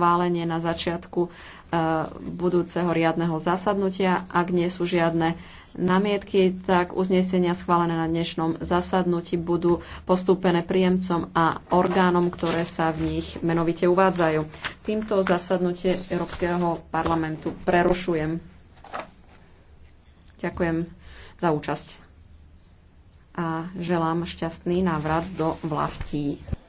schválenie na začiatku e, budúceho riadneho zasadnutia. Ak nie sú žiadne namietky, tak uznesenia schválené na dnešnom zasadnutí budú postúpené príjemcom a orgánom, ktoré sa v nich menovite uvádzajú. Týmto zasadnutie Európskeho parlamentu prerušujem. Ďakujem za účasť a želám šťastný návrat do vlastí.